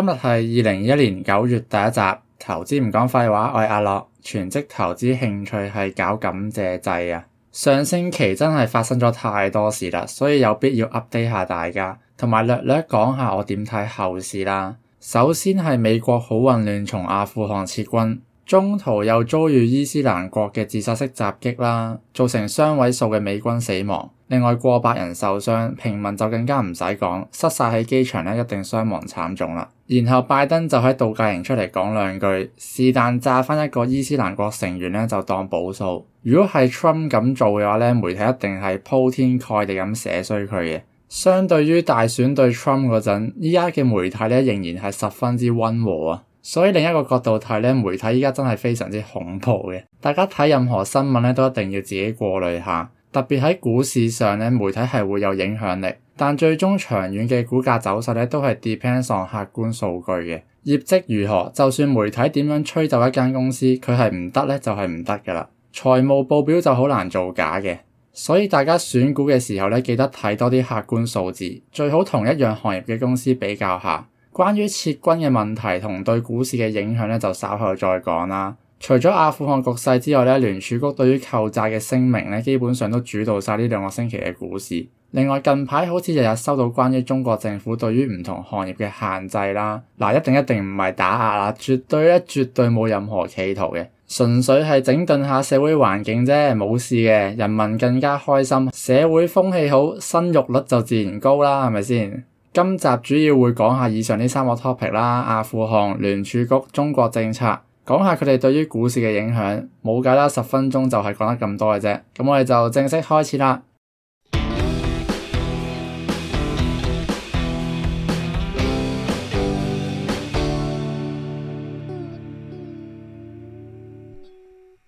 今日係二零二一年九月第一集，投資唔講廢話，我係阿樂，全職投資興趣係搞感謝祭啊！上星期真係發生咗太多事啦，所以有必要 update 下大家，同埋略略講下我點睇後市啦。首先係美國好混亂，從阿富汗撤軍，中途又遭遇伊斯蘭國嘅自殺式襲擊啦，造成雙位數嘅美軍死亡。另外過百人受傷，平民就更加唔使講，失曬喺機場呢一定傷亡慘重啦。然後拜登就喺度假營出嚟講兩句，是但炸返一個伊斯蘭國成員呢就當補數。如果係 Trump 咁做嘅話呢，媒體一定係鋪天蓋地咁寫衰佢嘅。相對於大選對 Trump 嗰陣，依家嘅媒體呢仍然係十分之溫和啊。所以另一個角度睇呢，媒體依家真係非常之恐怖嘅。大家睇任何新聞呢都一定要自己過濾一下。特別喺股市上咧，媒體係會有影響力，但最終長遠嘅股價走勢咧，都係 depends on 客觀數據嘅。業績如何，就算媒體點樣吹走一間公司，佢係唔得咧，就係唔得㗎啦。財務報表就好難造假嘅，所以大家選股嘅時候呢，記得睇多啲客觀數字，最好同一樣行業嘅公司比較下。關於撤軍嘅問題同對股市嘅影響呢，就稍後再講啦。除咗阿富汗局勢之外咧，聯儲局對於購債嘅聲明咧，基本上都主導曬呢兩個星期嘅股市。另外近排好似日日收到關於中國政府對於唔同行業嘅限制啦，嗱，一定一定唔係打壓啦，絕對咧，絕對冇任何企圖嘅，純粹係整頓下社會環境啫，冇事嘅，人民更加開心，社會風氣好，生育率就自然高啦，係咪先？今集主要會講下以上呢三個 topic 啦，阿富汗、聯儲局、中國政策。講下佢哋對於股市嘅影響，冇計啦，十分鐘就係講得咁多嘅啫。咁我哋就正式開始啦。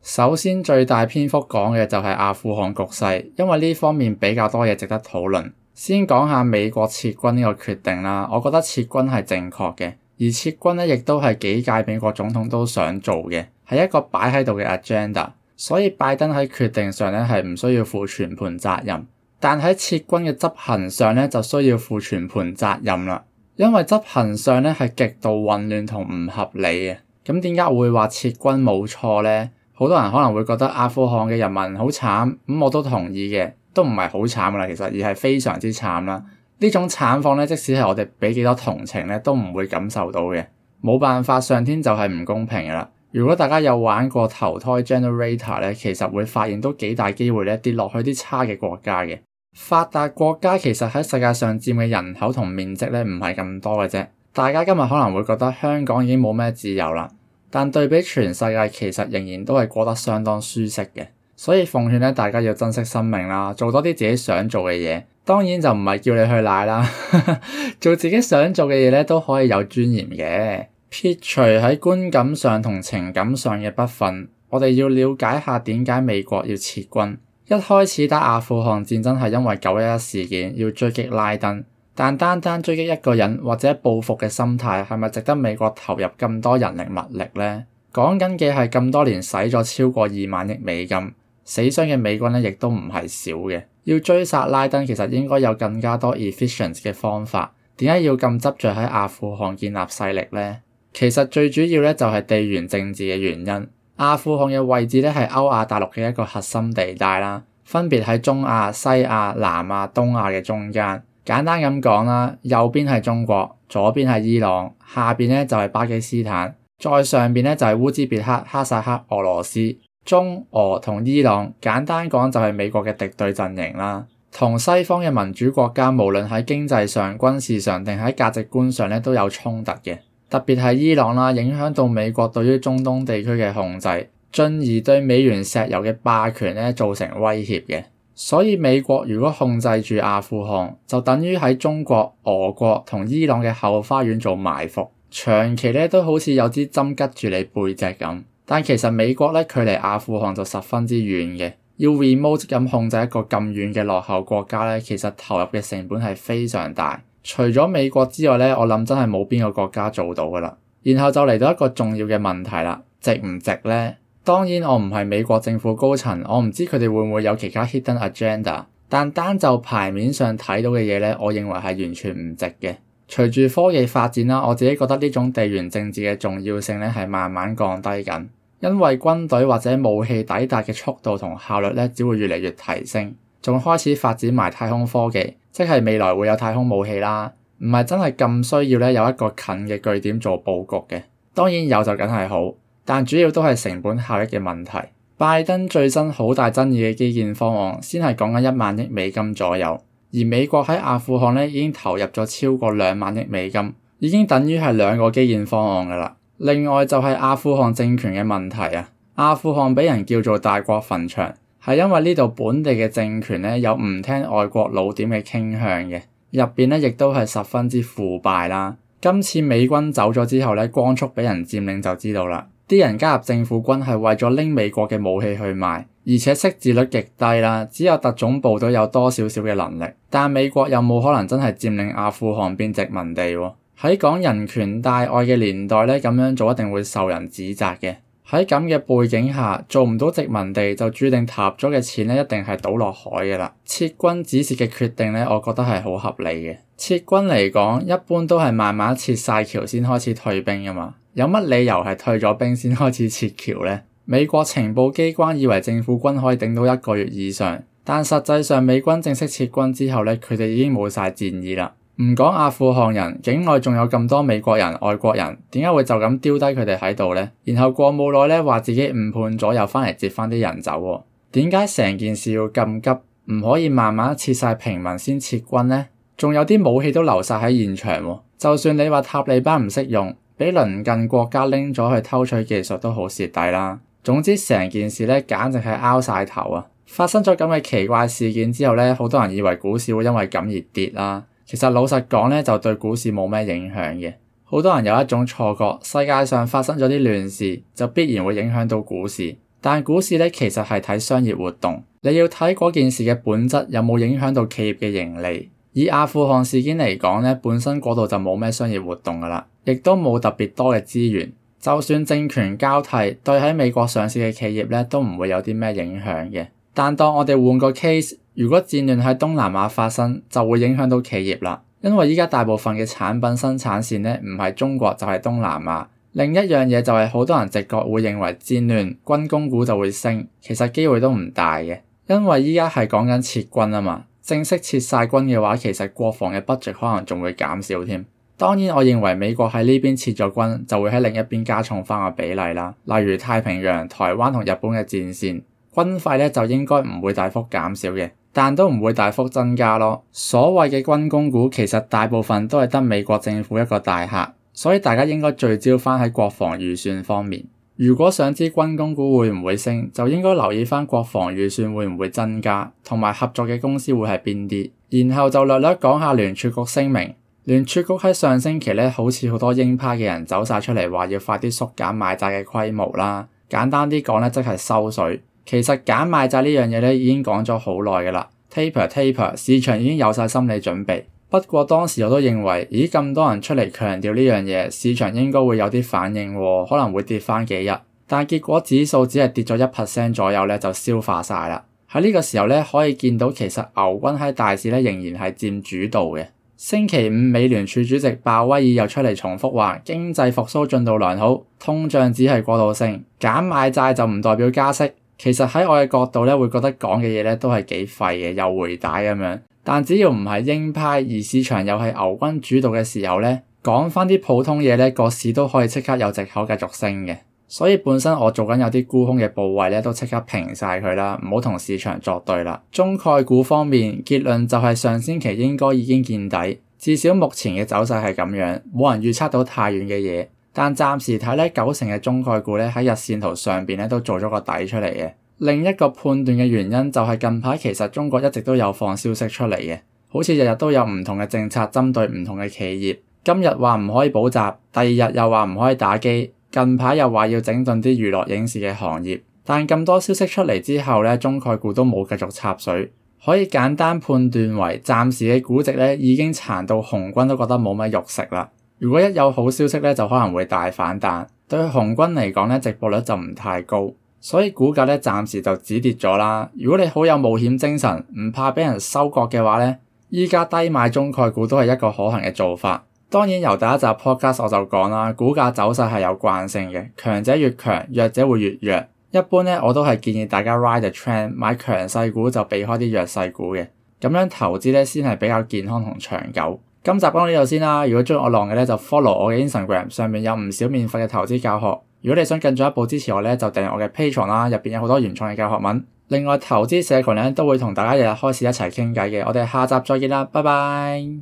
首先，最大篇幅講嘅就係阿富汗局勢，因為呢方面比較多嘢值得討論。先講下美國撤軍呢個決定啦，我覺得撤軍係正確嘅。而撤軍咧，亦都係幾屆美國總統都想做嘅，係一個擺喺度嘅 agenda。所以拜登喺決定上咧係唔需要負全盤責任，但喺撤軍嘅執行上咧就需要負全盤責任啦。因為執行上咧係極度混亂同唔合理嘅。咁點解我會話撤軍冇錯咧？好多人可能會覺得阿富汗嘅人民好慘，咁、嗯、我都同意嘅，都唔係好慘啦，其實而係非常之慘啦。呢種慘況咧，即使係我哋俾幾多同情咧，都唔會感受到嘅。冇辦法，上天就係唔公平嘅啦。如果大家有玩過投胎 generator 咧，其實會發現都幾大機會咧跌落去啲差嘅國家嘅。發達國家其實喺世界上佔嘅人口同面積咧唔係咁多嘅啫。大家今日可能會覺得香港已經冇咩自由啦，但對比全世界其實仍然都係過得相當舒適嘅。所以奉勸咧，大家要珍惜生命啦，做多啲自己想做嘅嘢。當然就唔係叫你去奶啦， 做自己想做嘅嘢咧都可以有尊嚴嘅。撇除喺觀感上同情感上嘅不忿，我哋要了解下點解美國要撤軍。一開始打阿富汗戰爭係因為九一一事件要追擊拉登，但單單追擊一個人或者報復嘅心態係咪值得美國投入咁多人力物力咧？講緊嘅係咁多年使咗超過二萬億美金。死傷嘅美軍咧，亦都唔係少嘅。要追殺拉登，其實應該有更加多 efficient 嘅方法。點解要咁執着喺阿富汗建立勢力呢？其實最主要咧就係地緣政治嘅原因。阿富汗嘅位置咧係歐亞大陸嘅一個核心地帶啦，分別喺中亞、西亞、南亞、東亞嘅中間。簡單咁講啦，右邊係中國，左邊係伊朗，下邊咧就係巴基斯坦，再上邊咧就係烏茲別克、哈薩克、俄羅斯。中俄同伊朗，簡單講就係美國嘅敵對陣營啦。同西方嘅民主國家，無論喺經濟上、軍事上定喺價值觀上都有衝突嘅。特別係伊朗啦，影響到美國對於中東地區嘅控制，進而對美元石油嘅霸權呢造成威脅嘅。所以美國如果控制住阿富汗，就等於喺中國、俄國同伊朗嘅後花園做埋伏，長期呢都好似有啲針拮住你背脊咁。但其實美國咧距離阿富汗就十分之遠嘅，要 remote 咁控制一個咁遠嘅落後國家咧，其實投入嘅成本係非常大。除咗美國之外咧，我諗真係冇邊個國家做到㗎啦。然後就嚟到一個重要嘅問題啦，值唔值咧？當然我唔係美國政府高層，我唔知佢哋會唔會有其他 hidden agenda。但單就牌面上睇到嘅嘢咧，我認為係完全唔值嘅。隨住科技發展啦，我自己覺得呢種地緣政治嘅重要性咧係慢慢降低緊。因為軍隊或者武器抵達嘅速度同效率咧，只會越嚟越提升，仲開始發展埋太空科技，即係未來會有太空武器啦。唔係真係咁需要咧，有一個近嘅據點做佈局嘅。當然有就梗係好，但主要都係成本效益嘅問題。拜登最新好大爭議嘅基建方案，先係講緊一萬億美金左右，而美國喺阿富汗咧已經投入咗超過兩萬億美金，已經等於係兩個基建方案㗎喇。另外就係阿富汗政權嘅問題啊，阿富汗俾人叫做大國墳場，係因為呢度本地嘅政權呢有唔聽外國老點嘅傾向嘅，入面呢亦都係十分之腐敗啦。今次美軍走咗之後呢，光速俾人佔領就知道啦，啲人加入政府軍係為咗拎美國嘅武器去賣，而且識字率極低啦，只有特種部隊有多少少嘅能力，但美國有冇可能真係佔領阿富汗變殖民地喎？喺講人權大愛嘅年代咧，咁樣做一定會受人指責嘅。喺咁嘅背景下，做唔到殖民地就注定塌咗嘅錢咧，一定係倒落海噶啦。撤軍指示嘅決定咧，我覺得係好合理嘅。撤軍嚟講，一般都係慢慢撤晒僑先開始退兵噶嘛。有乜理由係退咗兵先開始撤僑咧？美國情報機關以為政府軍可以頂到一個月以上，但實際上美軍正式撤軍之後咧，佢哋已經冇晒戰意啦。唔講阿富汗人，境內仲有咁多美國人、外國人，點解會就咁丟低佢哋喺度咧？然後過冇耐咧，話自己誤判咗，又翻嚟接翻啲人走喎、啊。點解成件事要咁急？唔可以慢慢撤曬平民先撤軍呢？仲有啲武器都流曬喺現場喎、啊。就算你話塔利班唔識用，俾鄰近國家拎咗去偷取技術都好蝕底啦。總之成件事咧，簡直係拗曬頭啊！發生咗咁嘅奇怪事件之後呢，好多人以為股市會因為咁而跌啦。其實老實講咧，就對股市冇咩影響嘅。好多人有一種錯覺，世界上發生咗啲亂事，就必然會影響到股市。但股市咧其實係睇商業活動，你要睇嗰件事嘅本質有冇影響到企業嘅盈利。以阿富汗事件嚟講咧，本身嗰度就冇咩商業活動㗎喇，亦都冇特別多嘅資源。就算政權交替，對喺美國上市嘅企業咧都唔會有啲咩影響嘅。但當我哋換個 case。如果戰亂喺東南亞發生，就會影響到企業啦，因為依家大部分嘅產品生產線呢，唔係中國就係東南亞。另一樣嘢就係好多人直覺會認為戰亂軍工股就會升，其實機會都唔大嘅，因為依家係講緊撤軍啊嘛。正式撤曬軍嘅話，其實國防嘅 budget 可能仲會減少添。當然，我認為美國喺呢邊撤咗軍，就會喺另一邊加重翻個比例啦，例如太平洋、台灣同日本嘅戰線，軍費咧就應該唔會大幅減少嘅。但都唔會大幅增加咯。所謂嘅軍工股，其實大部分都係得美國政府一個大客，所以大家應該聚焦翻喺國防預算方面。如果想知軍工股會唔會升，就應該留意翻國防預算會唔會增加，同埋合作嘅公司會係邊啲。然後就略略講下聯儲局聲明。聯儲局喺上星期咧，好似好多鷹派嘅人走曬出嚟，話要快啲縮減買債嘅規模啦。簡單啲講咧，即係收水。其實減買債呢樣嘢已經講咗好耐㗎啦。Taper Taper，市場已經有曬心理準備。不過當時我都認為，咦咁多人出嚟強調呢樣嘢，市場應該會有啲反應喎，可能會跌翻幾日。但結果指數只係跌咗一 percent 左右咧，就消化曬啦。喺呢個時候咧，可以見到其實牛軍喺大市咧仍然係佔主導嘅。星期五，美聯儲主席鮑威爾又出嚟重複話，經濟復甦進度良好，通脹只係過渡性，減買債就唔代表加息。其實喺我嘅角度呢，會覺得講嘅嘢呢都係幾廢嘅，又回帶咁樣。但只要唔係鷹派，而市場又係牛軍主導嘅時候呢，講返啲普通嘢呢，個市都可以即刻有藉口繼續升嘅。所以本身我做緊有啲沽空嘅部位呢，都即刻平曬佢啦，唔好同市場作對啦。中概股方面，結論就係上星期應該已經見底，至少目前嘅走勢係咁樣，冇人預測到太遠嘅嘢。但暫時睇咧，九成嘅中概股咧喺日線圖上邊咧都做咗個底出嚟嘅。另一個判斷嘅原因就係近排其實中國一直都有放消息出嚟嘅，好似日日都有唔同嘅政策針對唔同嘅企業。今日話唔可以補習，第二日又話唔可以打機，近排又話要整頓啲娛樂影視嘅行業。但咁多消息出嚟之後咧，中概股都冇繼續插水，可以簡單判斷為暫時嘅估值咧已經殘到紅軍都覺得冇乜肉食啦。如果一有好消息咧，就可能會大反彈。對於紅軍嚟講咧，直播率就唔太高，所以股價咧暫時就止跌咗啦。如果你好有冒險精神，唔怕俾人收割嘅話咧，依家低買中概股都係一個可行嘅做法。當然，由第一集 podcast 我就講啦，股價走勢係有慣性嘅，強者越強，弱者會越弱。一般咧，我都係建議大家 ride the trend 買強勢股，就避開啲弱勢股嘅，咁樣投資咧先係比較健康同長久。今集講到呢度先啦。如果鍾意我浪嘅咧，就 follow 我嘅 Instagram，上面有唔少免費嘅投資教學。如果你想更進一步支持我咧，就訂閱我嘅 Patreon 啦，入邊有好多原創嘅教學文。另外，投資社群咧都會同大家日日開始一齊傾偈嘅。我哋下集再見啦，拜拜。